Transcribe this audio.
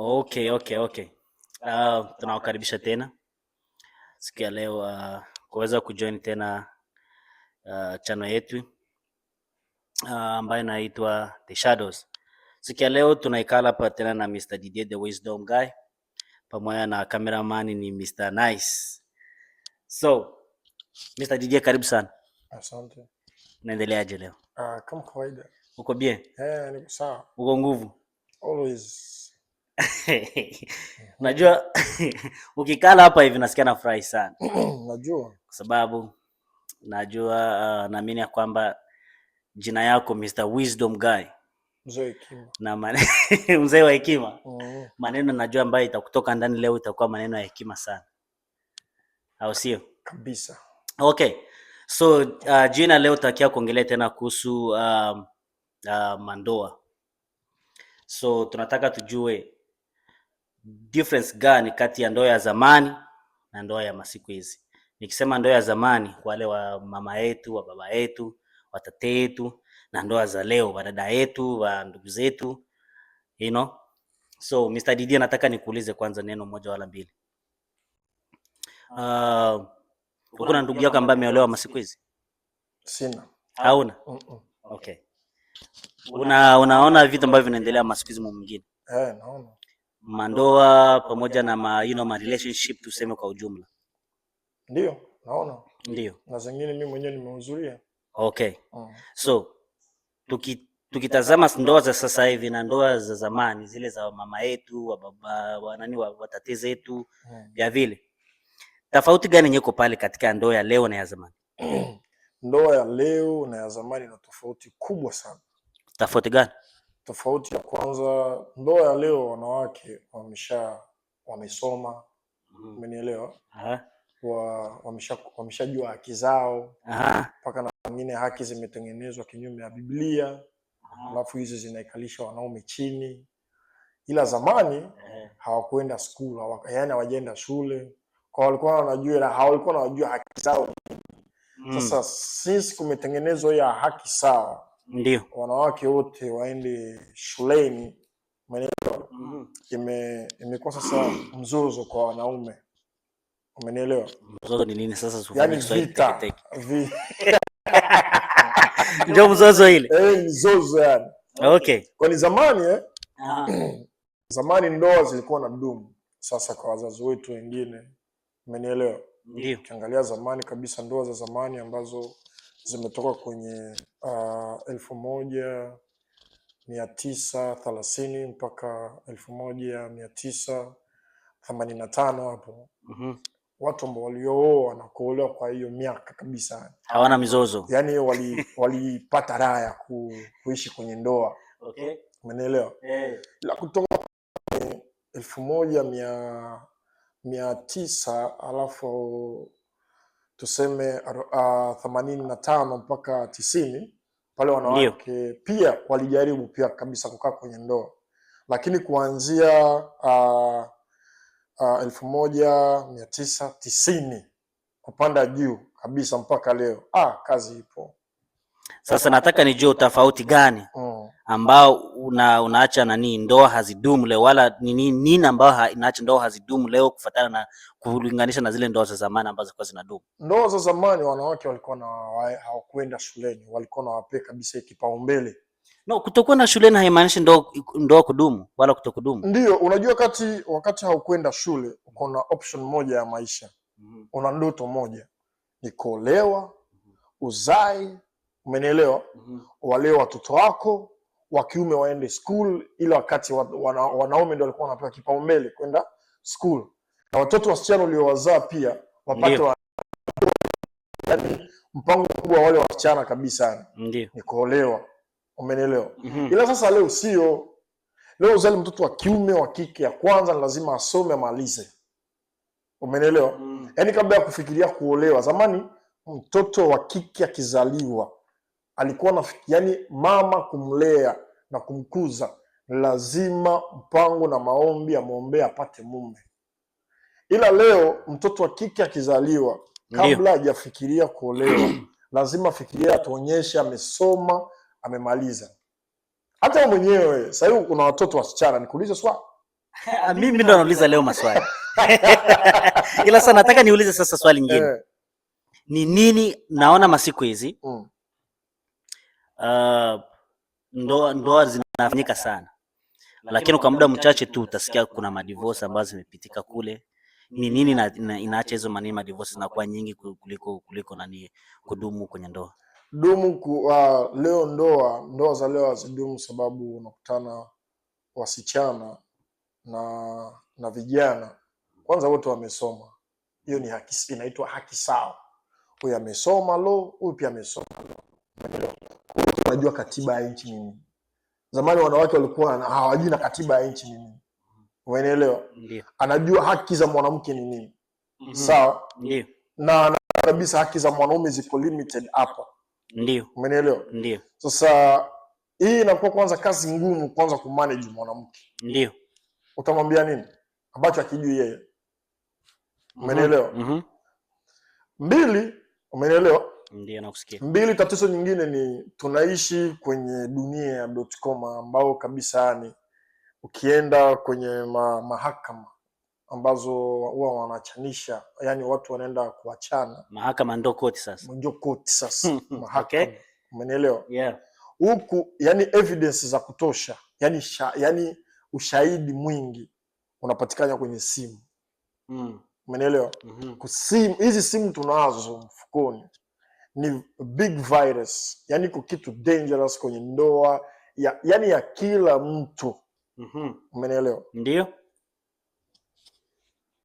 Okay, okay, okay. Uh, tunawakaribisha tena siku ya leo uh, kuweza kujoin tena uh, ah, chano yetu uh, ambayo inaitwa The Shadows. Siku ya leo tunaikala hapa tena na Mr. Didier the Wisdom Guy pamoja na cameraman ni Mr. Nice. So, Mr. Didier karibu sana. Asante. Naendeleaje leo? Uh, kama kawaida. Uko bien? Eh, niko sawa. Uko nguvu? Always. Unajua ukikala hapa hivi nasikia nafurahi sana najua, kwa sababu najua uh, naamini ya kwamba jina yako Mr. Wisdom Guy na mane... mzee wa hekima mm. Maneno najua ambayo itakutoka ndani leo itakuwa maneno ya hekima sana, au sio? Kabisa. Okay, so uh, jina leo takia kuongelea tena kuhusu uh, uh, mandoa. So tunataka tujue difference gani kati ya ndoa ya zamani na ndoa ya masiku hizi? Nikisema ndoa ya zamani, wale wa mama yetu, wa baba yetu, watate yetu, na ndoa za leo, wadada yetu, wa ndugu zetu, you know? So Mr. Didi, nataka nikuulize kwanza neno moja wala mbili. Uh, kuna ndugu yako ambaye ameolewa masiku hizi? Sina. Hauna? Mm -mm. Okay. Una, unaona vitu ambavyo vinaendelea masiku hizi mwingine? Eh, naona mandoa pamoja na ma, you know, ma relationship tuseme kwa ujumla? Ndio, naona ndio, na zingine mimi mwenyewe nimehudhuria. Okay, mm. So tuki tukitazama ndoa za sasa hivi na ndoa za zamani zile za mama yetu wa baba wa nani wa watate zetu vya mm. hmm. vile, tofauti gani nyeko pale katika ndoa ya leo na ya zamani? Ndoa ya leo na ya zamani ina tofauti kubwa sana. Tofauti gani? Tofauti ya kwanza, ndoa ya leo wanawake wamesha wamesoma, mm-hmm. umenielewa mm. wa, wameshajua haki zao mpaka na wengine haki zimetengenezwa kinyume ya Biblia, alafu hizi zinaikalisha wanaume chini, ila zamani hawakuenda skul, yani hawajaenda shule kwa walikuwa wanajua na hawalikuwa wanajua haki zao mm. Sasa sisi kumetengenezwa ya haki sawa ndio wanawake wote waende shuleni, umenielewa? mm -hmm. imekuwa sasa mzozo kwa wanaume, umenielewa? Mzozo ni nini sasa? Yani vita ndio mzozo ile, eh, mzozo yani. Okay, kwani zamani eh? Ah. zamani ndoa zilikuwa na dumu, sasa kwa wazazi wetu wengine, umenielewa? Ndio ukiangalia zamani kabisa, ndoa za zamani ambazo zimetoka kwenye uh, elfu moja mia tisa thelathini mpaka elfu moja mia tisa themanini na tano hapo. mm -hmm. Watu ambao waliooa na kuolewa kwa hiyo miaka kabisa hawana mizozo, yani walipata wali raha ya ku, kuishi kwenye ndoa okay. Umenielewa? hey. Eh. la kutoka elfu moja mia, mia tisa alafu tuseme ah, themanini uh, na tano mpaka tisini pale wanawake Ndiyo. pia walijaribu pia kabisa kukaa kwenye ndoa lakini kuanzia uh, uh, elfu moja mia tisa tisini kupanda juu kabisa mpaka leo ah, kazi ipo sasa nataka nijue utofauti gani oh. ambao una, unaacha nani ndoa hazidumu leo, wala nini nini ambao inaacha ndoa hazidumu leo kufuatana na kulinganisha na zile ndoa za zamani ambazo zilikuwa zinadumu. Ndoa za zamani wanawake walikuwa na hawakwenda shuleni, walikuwa na wape kabisa kipaumbele. No, kutokuwa na shuleni haimaanishi ndoa ndoa kudumu wala kutokudumu. Ndio, unajua kati wakati haukwenda shule uko na option moja ya maisha. Mm -hmm. Una ndoto moja ni kuolewa, mhm. uzai umenielewa? mm -hmm. Wale watoto wako wa kiume waende school, ila wakati wana, wanaume ndio walikuwa wanapewa kipaumbele kwenda school, na watoto wasichana uliowazaa pia wapate wa... yani, mpango mkubwa wa wale wasichana kabisa ni kuolewa, umenielewa? mm -hmm. Ila sasa leo sio leo, uzali mtoto wa kiume wa kike, ya kwanza ni lazima asome amalize, umenielewa? mm -hmm. Yani kabla ya kufikiria kuolewa, zamani mtoto wa kike akizaliwa alikuwa na yani, mama kumlea na kumkuza, lazima mpango na maombi amwombee apate mume. Ila leo mtoto wa kike akizaliwa, kabla hajafikiria kuolewa, lazima afikiria, atuonyeshe amesoma, amemaliza. Hata mwenyewe sasa hivi kuna watoto wasichana, nikuulize swali ah, mimi ndo nauliza leo maswali ila sasa nataka niulize sasa swali nyingine, eh. ni nini naona masiku hizi mm uh, ndoa ndoa zinafanyika sana, lakini kwa muda mchache tu utasikia kuna madivorce ambazo zimepitika kule. Ni nini inaacha hizo manini madivorce zinakuwa nyingi kuliko kuliko nani kudumu kwenye ndoa dumu ku, uh, leo ndoa ndoa za leo hazidumu, sababu unakutana wasichana na na vijana kwanza, wote wamesoma. Hiyo ni haki, inaitwa haki sawa. Huyu amesoma lo, huyu pia amesoma wanajua katiba ya nchi nini. Zamani wanawake walikuwa hawajui na katiba ya nchi nini, umeelewa? Anajua haki za mwanamke ni nini, mhm. sawa na kabisa haki za mwanaume ziko limited hapa, ndio umeelewa? Ndio sasa hii inakuwa kwanza kazi ngumu, kwanza kumanage mwanamke, ndio utamwambia nini ambacho akijui yeye, umeelewa? Mhm. Mhm. Mbili, umeelewa Ndiyo, nakusikia. Mbili, tatizo nyingine ni tunaishi kwenye dunia ya com ambao kabisa, ni ukienda kwenye ma, mahakama ambazo huwa wanachanisha, yani watu wanaenda kuachana mahakama, ndo koti sasa, ndio koti sasa mahakama okay. Yeah. Huku yani evidence za kutosha yani, sha, yani ushahidi mwingi unapatikana kwenye simu mm. Umenielewa? mm -hmm. Hizi simu tunazo mfukoni ni big virus, yani iko kitu dangerous kwenye ndoa ya, yani ya kila mtu mm -hmm. Umenielewa? Ndio.